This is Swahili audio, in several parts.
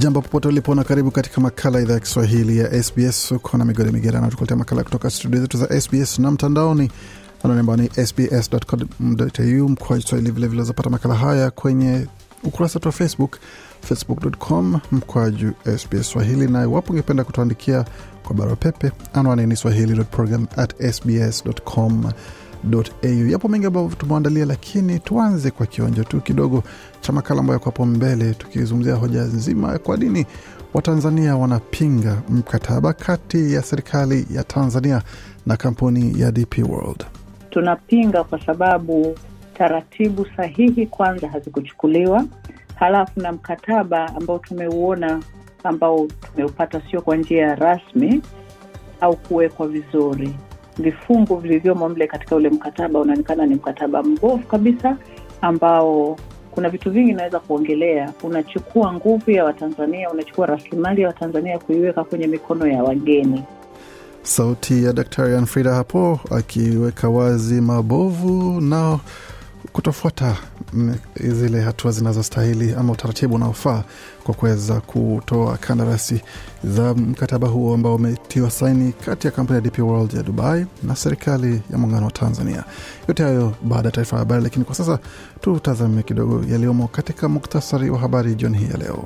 Jambo popote ulipo na karibu katika makala idhaa ya Kiswahili ya SBS. Uko na Migode migerano, tukuletea makala kutoka studio zetu za SBS na mtandaoni anwani ambao ni sbs.com.au mkoa Kiswahili. Vilevile zapata makala haya kwenye ukurasa wetu wa Facebook, facebook.com mkwaju SBS Swahili, na iwapo ungependa kutuandikia kwa barua pepe, anwani ni swahili.program@sbs.com.au au. Yapo mengi ambayo tumeandalia, lakini tuanze kwa kionjo tu kidogo cha makala ambayo yako mbele, tukizungumzia hoja nzima kwa nini Watanzania wanapinga mkataba kati ya serikali ya Tanzania na kampuni ya DP World. Tunapinga kwa sababu taratibu sahihi kwanza hazikuchukuliwa, halafu na mkataba ambao tumeuona ambao tumeupata sio kwa njia rasmi au kuwekwa vizuri vifungu vilivyomo mle katika ule mkataba unaonekana ni mkataba mbovu kabisa, ambao kuna vitu vingi inaweza kuongelea. Unachukua nguvu ya Watanzania, unachukua rasilimali ya Watanzania kuiweka kwenye mikono ya wageni. Sauti ya Daktari Anfrida hapo akiweka wazi mabovu nao kutofuata mm, zile hatua zinazostahili ama utaratibu unaofaa kwa kuweza kutoa kandarasi za mkataba huo ambao umetiwa saini kati ya kampuni ya DP World ya Dubai na serikali ya muungano wa Tanzania. Yote hayo baada ya taarifa ya habari, lakini kwa sasa tutazame kidogo yaliyomo katika muktasari wa habari jioni hii ya leo.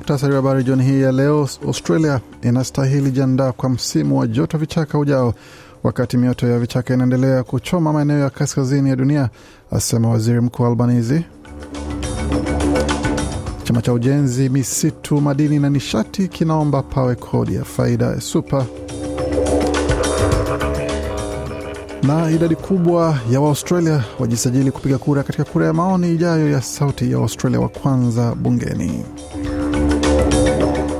katika muktasari wa habari jioni hii ya leo, Australia inastahili jiandaa kwa msimu wa joto vichaka ujao, wakati mioto ya vichaka inaendelea kuchoma maeneo ya kaskazini ya dunia, asema waziri mkuu albanizi Chama cha ujenzi, misitu, madini na nishati kinaomba pawe kodi ya faida ya supa na idadi kubwa ya Waaustralia wajisajili kupiga kura katika kura ya maoni ijayo ya sauti ya waustralia wa kwanza bungeni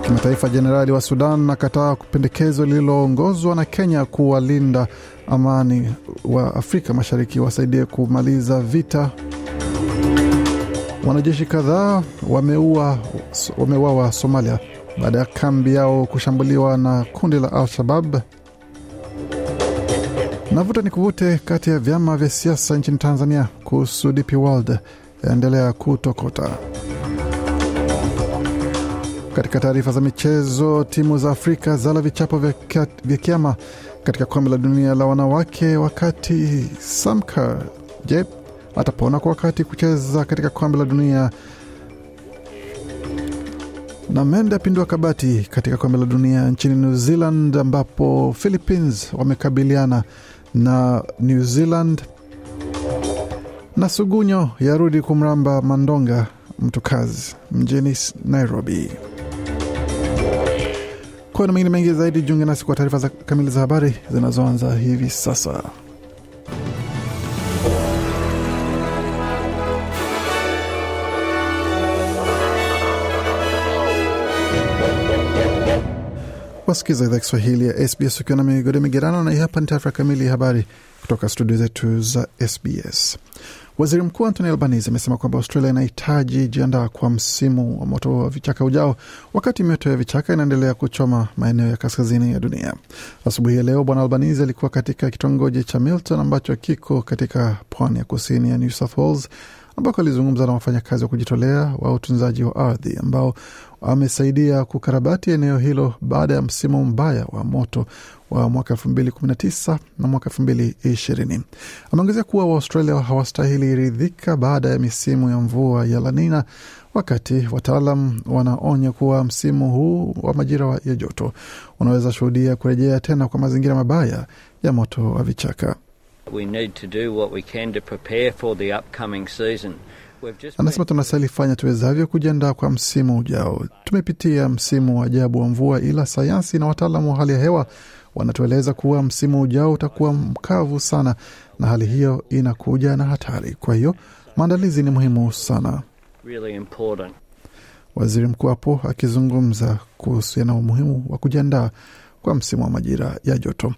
kimataifa. Jenerali wa Sudan akataa pendekezo lililoongozwa na Kenya kuwalinda amani wa Afrika Mashariki wasaidie kumaliza vita. Wanajeshi kadhaa wameuawa wameuawa Somalia baada ya kambi yao kushambuliwa na kundi la Al-Shabab. Navuta ni kuvute kati ya vyama vya siasa nchini Tanzania kuhusu DP World yaendelea kutokota. Katika taarifa za michezo, timu za Afrika zala vichapo vya kiama katika kombe la dunia la wanawake, wakati Samka je atapona kwa wakati kucheza katika kombe la dunia, na Mende apindua kabati katika kombe la dunia nchini New Zealand, ambapo Philippines wamekabiliana na New Zealand, na Sugunyo yarudi kumramba Mandonga mtu kazi mjini Nairobi. Kwa na mengine mengi zaidi, jiunge nasi kwa taarifa za kamili za habari zinazoanza hivi sasa. Wasikiza idhaa Kiswahili ya SBS ukiwa na migode migerano, na hii hapa ni taarifa kamili ya habari kutoka studio zetu za SBS. Waziri Mkuu antony Albanese amesema kwamba Australia inahitaji jiandaa kwa msimu wa moto wa vichaka ujao, wakati mioto ya vichaka inaendelea kuchoma maeneo ya kaskazini ya dunia. Asubuhi ya leo, Bwana Albanese alikuwa katika kitongoji cha Milton ambacho kiko katika pwani ya kusini ya New South Wales ambako alizungumza na wafanyakazi wa kujitolea wa utunzaji wa ardhi ambao amesaidia kukarabati eneo hilo baada ya msimu mbaya wa moto wa mwaka kumi na mwaka ishirini. Ameongezea kuwa Waaustralia hawastahili ridhika baada ya misimu ya mvua ya Lanina, wakati wataalam wanaonya kuwa msimu huu wa majira ya joto unaweza shuhudia kurejea tena kwa mazingira mabaya ya moto wa vichaka. We need to do what we can to prepare for the upcoming season. Anasema tunasalifanya tuwezavyo kujiandaa kwa msimu ujao. Tumepitia msimu wa ajabu wa mvua, ila sayansi na wataalamu wa hali ya hewa wanatueleza kuwa msimu ujao utakuwa mkavu sana, na hali hiyo inakuja na hatari. Kwa hiyo maandalizi ni muhimu sana. Really Waziri mkuu hapo akizungumza kuhusiana umuhimu wa kujiandaa kwa msimu wa majira ya joto.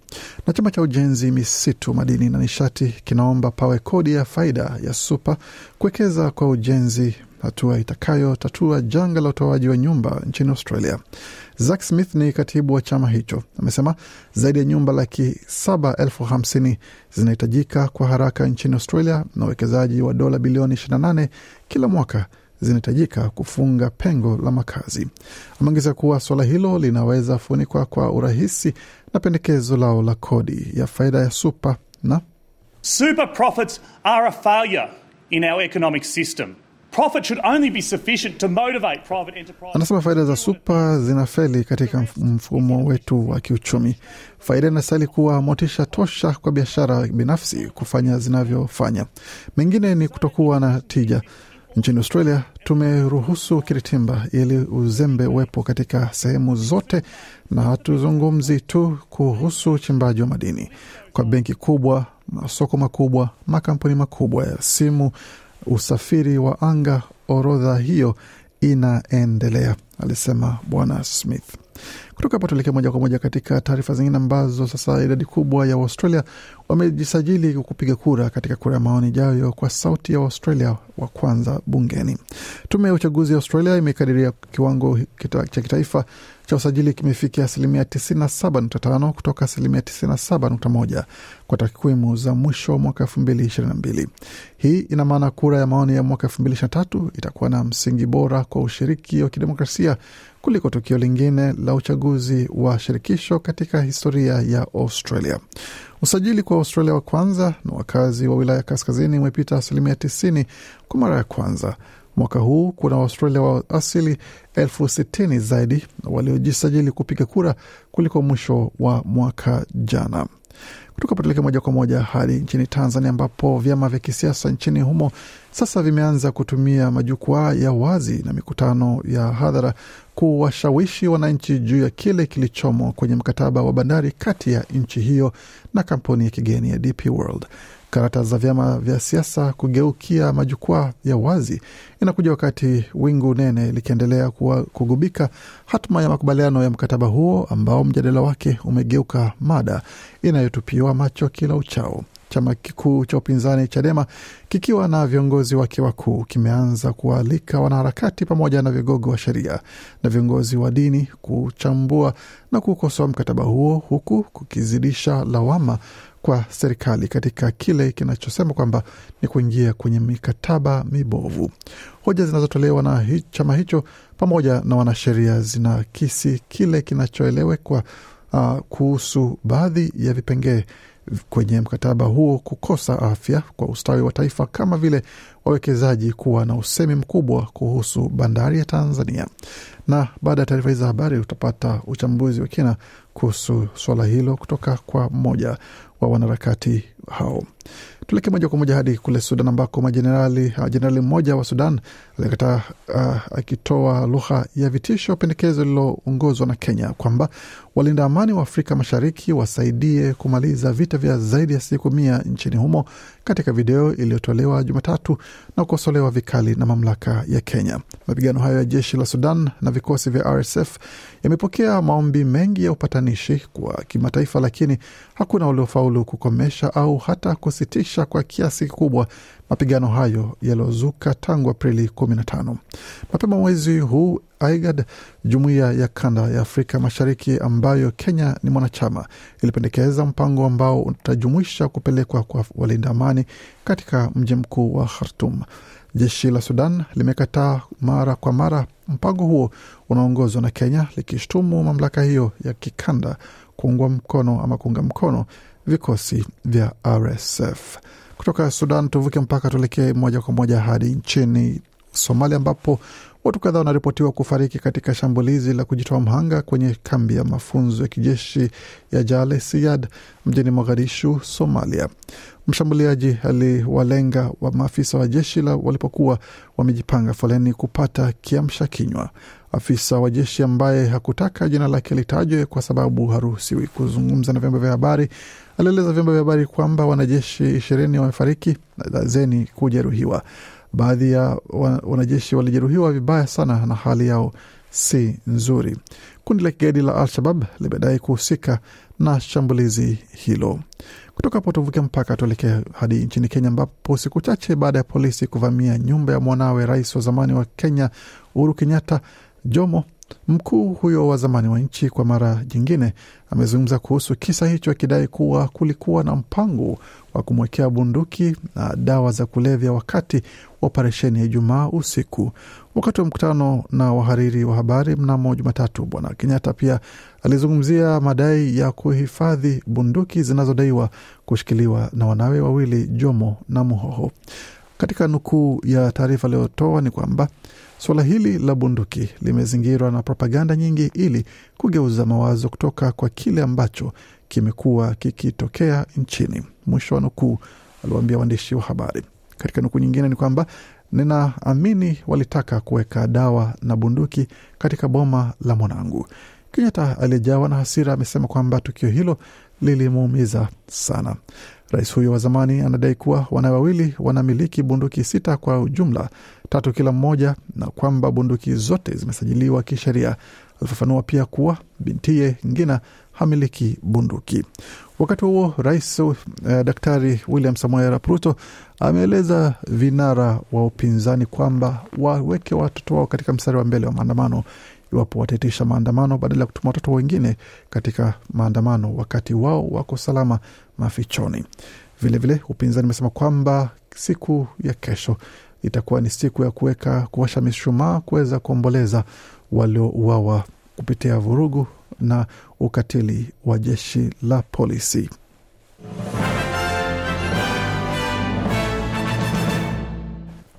Na chama cha ujenzi, misitu, madini na nishati kinaomba pawe kodi ya faida ya super kuwekeza kwa ujenzi, hatua itakayotatua janga la utoaji wa nyumba nchini Australia. Zack Smith ni katibu wa chama hicho, amesema zaidi ya nyumba laki saba elfu hamsini zinahitajika kwa haraka nchini Australia na uwekezaji wa dola bilioni 28 kila mwaka zinahitajika kufunga pengo la makazi. Ameongeza kuwa suala hilo linaweza funikwa kwa urahisi na pendekezo lao la kodi ya faida ya super na super profits are a failure in our economic system. Anasema faida za supa zinafeli katika mfumo wetu wa kiuchumi. Faida inastahili kuwa motisha tosha kwa biashara binafsi kufanya zinavyofanya. Mengine ni kutokuwa na tija. Nchini Australia tumeruhusu kiritimba ili uzembe uwepo katika sehemu zote, na hatuzungumzi tu kuhusu uchimbaji wa madini. Kwa benki kubwa, masoko makubwa, makampuni makubwa ya simu, usafiri wa anga, orodha hiyo inaendelea, alisema Bwana Smith. Kutoka hapa tuelekee moja kwa moja katika taarifa zingine ambazo sasa idadi kubwa ya Waustralia wamejisajili kupiga kura katika kura ya maoni ijayo kwa sauti ya Australia wa kwanza bungeni. Tume ya uchaguzi ya Australia imekadiria kiwango kita, cha kitaifa cha usajili kimefikia asilimia 97.5 kutoka asilimia 97.1 kwa takwimu za mwisho wa mwaka 2022. Hii ina maana kura ya maoni ya mwaka 2023 itakuwa na msingi bora kwa ushiriki wa kidemokrasia kuliko tukio lingine la uchaguzi wa shirikisho katika historia ya Australia. Usajili kwa Australia wa kwanza na wakazi wa wilaya kaskazini umepita asilimia 90 kwa mara ya kwanza mwaka huu. Kuna Waustralia wa asili elfu sitini zaidi waliojisajili kupiga kura kuliko mwisho wa mwaka jana. Kutoka patulike moja kwa moja hadi nchini Tanzania, ambapo vyama vya kisiasa nchini humo sasa vimeanza kutumia majukwaa ya wazi na mikutano ya hadhara kuwashawishi wananchi juu ya kile kilichomo kwenye mkataba wa bandari kati ya nchi hiyo na kampuni ya kigeni ya DP World. Karata za vyama vya siasa kugeukia majukwaa ya wazi inakuja wakati wingu nene likiendelea kugubika hatma ya makubaliano ya mkataba huo ambao mjadala wake umegeuka mada inayotupiwa macho kila uchao. Chama kikuu cha upinzani Chadema kikiwa na viongozi wake wakuu kimeanza kuwaalika wanaharakati pamoja na vigogo wa sheria na viongozi wa dini kuchambua na kukosoa mkataba huo, huku kukizidisha lawama kwa serikali katika kile kinachosema kwamba ni kuingia kwenye mikataba mibovu. Hoja zinazotolewa na hi, chama hicho pamoja na wanasheria zinakisi kile kinachoelewekwa uh, kuhusu baadhi ya vipengee kwenye mkataba huo kukosa afya kwa ustawi wa taifa kama vile wawekezaji kuwa na usemi mkubwa kuhusu bandari ya Tanzania. Na baada ya taarifa hii za habari, utapata uchambuzi wa kina kuhusu swala hilo kutoka kwa mmoja wa wanaharakati hao. Tuleke moja kwa moja hadi kule Sudan ambako majenerali ah, jenerali mmoja wa Sudan alikataa uh, akitoa lugha ya vitisho pendekezo lililoongozwa na Kenya kwamba walinda amani wa Afrika Mashariki wasaidie kumaliza vita vya zaidi ya siku mia nchini humo katika video iliyotolewa Jumatatu na kukosolewa vikali na mamlaka ya Kenya. Mapigano hayo ya jeshi la Sudan na vikosi vya RSF yamepokea maombi mengi ya upatanishi kwa kimataifa, lakini hakuna waliofaulu kukomesha au hata kusitisha kwa kiasi kikubwa mapigano hayo yaliyozuka tangu Aprili 15. Mapema mwezi huu IGAD, jumuiya ya kanda ya Afrika Mashariki ambayo Kenya ni mwanachama, ilipendekeza mpango ambao utajumuisha kupelekwa kwa walinda amani katika mji mkuu wa Khartum. Jeshi la Sudan limekataa mara kwa mara mpango huo unaongozwa na Kenya, likishtumu mamlaka hiyo ya kikanda kuungwa mkono ama kuunga mkono vikosi vya RSF. Kutoka Sudan tuvuke mpaka tuelekee moja kwa moja hadi nchini Somalia ambapo Watu kadhaa wanaripotiwa kufariki katika shambulizi la kujitoa mhanga kwenye kambi ya mafunzo ya kijeshi ya Jale Siyad mjini Mogadishu, Somalia. Mshambuliaji aliwalenga wa maafisa wa jeshi la walipokuwa wamejipanga foleni kupata kiamsha kinywa. Afisa wa jeshi ambaye hakutaka jina lake litajwe kwa sababu haruhusiwi kuzungumza na vyombo vya habari alieleza vyombo vya habari kwamba wanajeshi ishirini wamefariki na dazeni kujeruhiwa. Baadhi ya wanajeshi walijeruhiwa vibaya sana na hali yao si nzuri. Kundi la kigaidi la Al-Shabab limedai kuhusika na shambulizi hilo. Kutoka hapo tuvuke mpaka tuelekee hadi nchini Kenya, ambapo siku chache baada ya polisi kuvamia nyumba ya mwanawe rais wa zamani wa Kenya Uhuru Kenyatta, Jomo Mkuu huyo wa zamani wa nchi kwa mara nyingine amezungumza kuhusu kisa hicho, akidai kuwa kulikuwa na mpango wa kumwekea bunduki na dawa za kulevya wakati wa operesheni ya Ijumaa usiku. Wakati wa mkutano na wahariri wa habari mnamo Jumatatu, Bwana Kenyatta pia alizungumzia madai ya kuhifadhi bunduki zinazodaiwa kushikiliwa na wanawe wawili, Jomo na Muhoho. Katika nukuu ya taarifa aliyotoa ni kwamba Suala hili la bunduki limezingirwa na propaganda nyingi ili kugeuza mawazo kutoka kwa kile ambacho kimekuwa kikitokea nchini, mwisho wa nukuu, aliwaambia waandishi wa habari. Katika nukuu nyingine ni kwamba ninaamini walitaka kuweka dawa na bunduki katika boma la mwanangu. Kenyatta aliyejawa na hasira amesema kwamba tukio hilo lilimuumiza sana. Rais huyo wa zamani anadai kuwa wanawe wawili wanamiliki bunduki sita kwa ujumla tatu kila mmoja na kwamba bunduki zote zimesajiliwa kisheria. Alifafanua pia kuwa bintiye Ngina hamiliki bunduki. Wakati huo rais uh, Daktari William Samoei Arap Ruto ameeleza vinara wa upinzani kwamba waweke watoto wao katika mstari wa mbele wa maandamano iwapo wataitisha maandamano, badala ya kutuma watoto wengine katika maandamano wakati wao wako salama mafichoni. Vilevile upinzani umesema kwamba siku ya kesho itakuwa ni siku ya kuweka kuwasha mishumaa kuweza kuomboleza waliouawa kupitia vurugu na ukatili wa jeshi la polisi.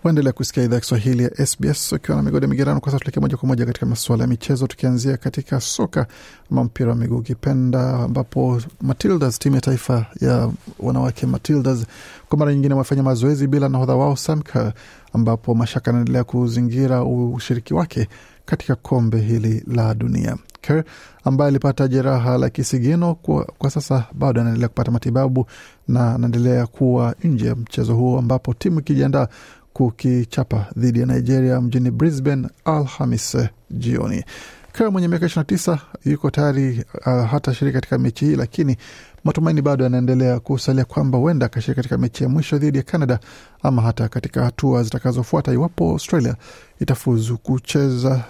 Waendelea kusikia idhaa Kiswahili ya SBS ukiwa na migodi migerano. Kwa sasa tuelekea moja kwa moja katika masuala ya michezo, tukianzia katika soka ama mpira wa miguu ukipenda, ambapo Matildas, timu ya taifa ya wanawake Matildas, kwa mara nyingine wamefanya mazoezi bila nahodha wao Sam Kerr, ambapo mashaka anaendelea kuzingira ushiriki wake katika kombe hili la dunia. Kerr ambaye alipata jeraha la kisigino kwa, kwa sasa bado anaendelea kupata matibabu na anaendelea kuwa nje ya mchezo huo, ambapo timu ikijiandaa kukichapa dhidi ya Nigeria mjini Brisbane Alhamis jioni. Kaa mwenye miaka tisa yuko tayari uh, hata shiriki katika mechi hii, lakini matumaini bado yanaendelea kusalia kwamba huenda akashiriki katika mechi ya mwisho dhidi ya Canada ama hata katika hatua zitakazofuata iwapo Australia itafuzu kucheza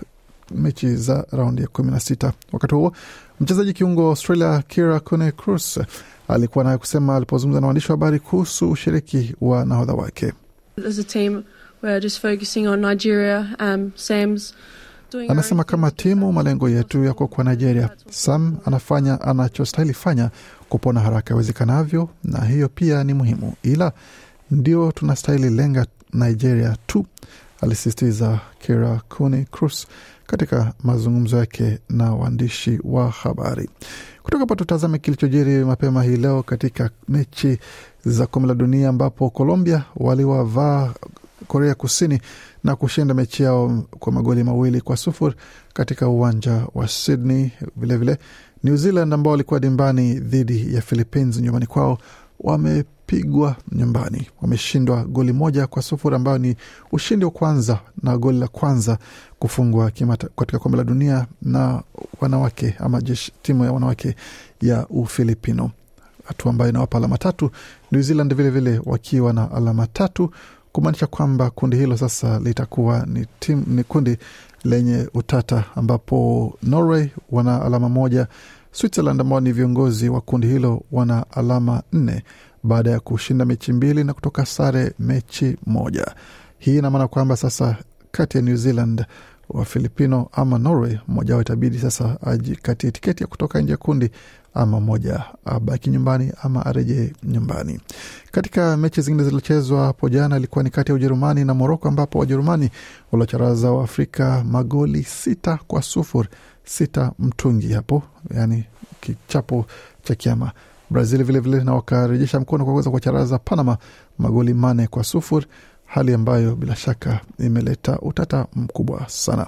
mechi za raundi ya kumi na sita. Wakati huo mchezaji kiungo wa Australia Kira Kune Crus alikuwa naye kusema alipozungumza na waandishi wa habari kuhusu ushiriki wa nahodha wake. Um, Anasema kama timu, malengo yetu yako kwa Nigeria. Sam anafanya anachostahili fanya kupona haraka iwezekanavyo, na hiyo pia ni muhimu, ila ndio tunastahili lenga Nigeria tu, alisisitiza Kira Kuni cru katika mazungumzo yake na waandishi wa habari. Kutoka hapa tutazame kilichojiri mapema hii leo katika mechi za kombe la dunia ambapo Colombia waliwavaa Korea Kusini na kushinda mechi yao kwa magoli mawili kwa sufuri katika uwanja wa Sydney. Vilevile New Zealand ambao walikuwa dimbani dhidi ya Philippines nyumbani kwao wamepigwa nyumbani, wameshindwa goli moja kwa sufuri ambayo ni ushindi wa kwanza na goli la kwanza kufungwa kimata katika kombe la dunia na wanawake ama jeshi, timu ya wanawake ya Ufilipino, hatua ambayo inawapa alama tatu. New Zealand vilevile vile wakiwa na alama tatu kumaanisha kwamba kundi hilo sasa litakuwa ni, tim, ni kundi lenye utata ambapo Norway wana alama moja Switzerland ambao ni viongozi wa kundi hilo wana alama nne baada ya kushinda mechi mbili na kutoka sare mechi moja. Hii ina maana kwamba sasa kati ya New Zealand wa Filipino ama Norway, mmoja wao itabidi sasa ajikatie tiketi ya kutoka nje ya kundi, ama mmoja abaki nyumbani ama areje nyumbani. Katika mechi zingine zilizochezwa hapo jana, ilikuwa ni kati ya Ujerumani na Moroko, ambapo Wajerumani waliocharaza Waafrika magoli sita kwa sufuri sita mtungi hapo, yani kichapo cha kiama. Brazil vilevile na wakarejesha mkono kwa kuweza kuwacharaza Panama magoli mane kwa sufuri, hali ambayo bila shaka imeleta utata mkubwa sana.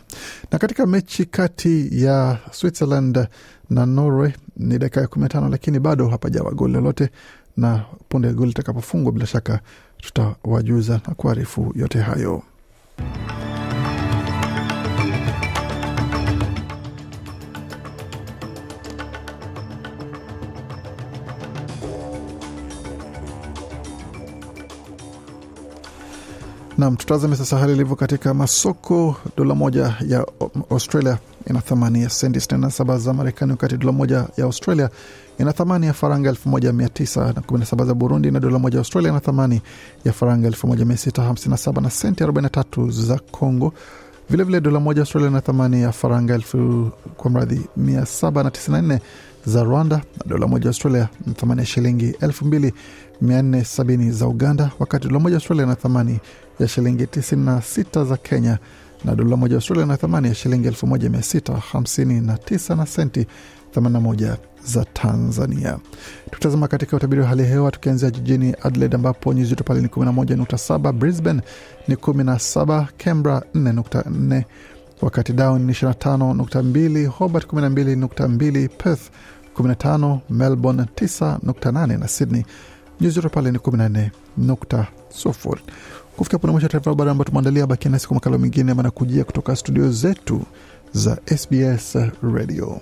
Na katika mechi kati ya Switzerland na Norway ni dakika ya kumi na tano, lakini bado hapajawa goli lolote, na punde goli litakapofungwa bila shaka tutawajuza na kuarifu yote hayo. Nam, tutazame sasa hali ilivyo katika masoko. Dola moja ya Australia ina thamani ya sendi 67 za Marekani, wakati dola moja ya Australia ina thamani ya faranga 1917 za Burundi, na dola moja ya Australia ina thamani ya faranga 1657 na senti 43 za Congo. Vilevile dola moja Australia ina thamani ya faranga elfu kwa mradhi 794 za Rwanda na dola moja Australia na thamani ya shilingi 2470 za Uganda, wakati dola moja Australia na thamani ya shilingi 96 za Kenya na dola moja Australia na thamani ya shilingi 1659 na senti 81 za Tanzania. Tutazama katika utabiri wa hali ya hewa tukianzia jijini Adelaide ambapo nyuzi joto pale ni 11.7, Brisbane ni 17, Canberra 4.4 wakati Darwin ni 25.2, Hobart 12.2, Perth 15, Melbourne 9.8 na Sydney nyuzi joto pale ni 14.0. Kufikia puna mwisho taarifa habari ambayo tumeandalia. Bakia nasi kwa makala mengine manakujia kutoka studio zetu za SBS Radio.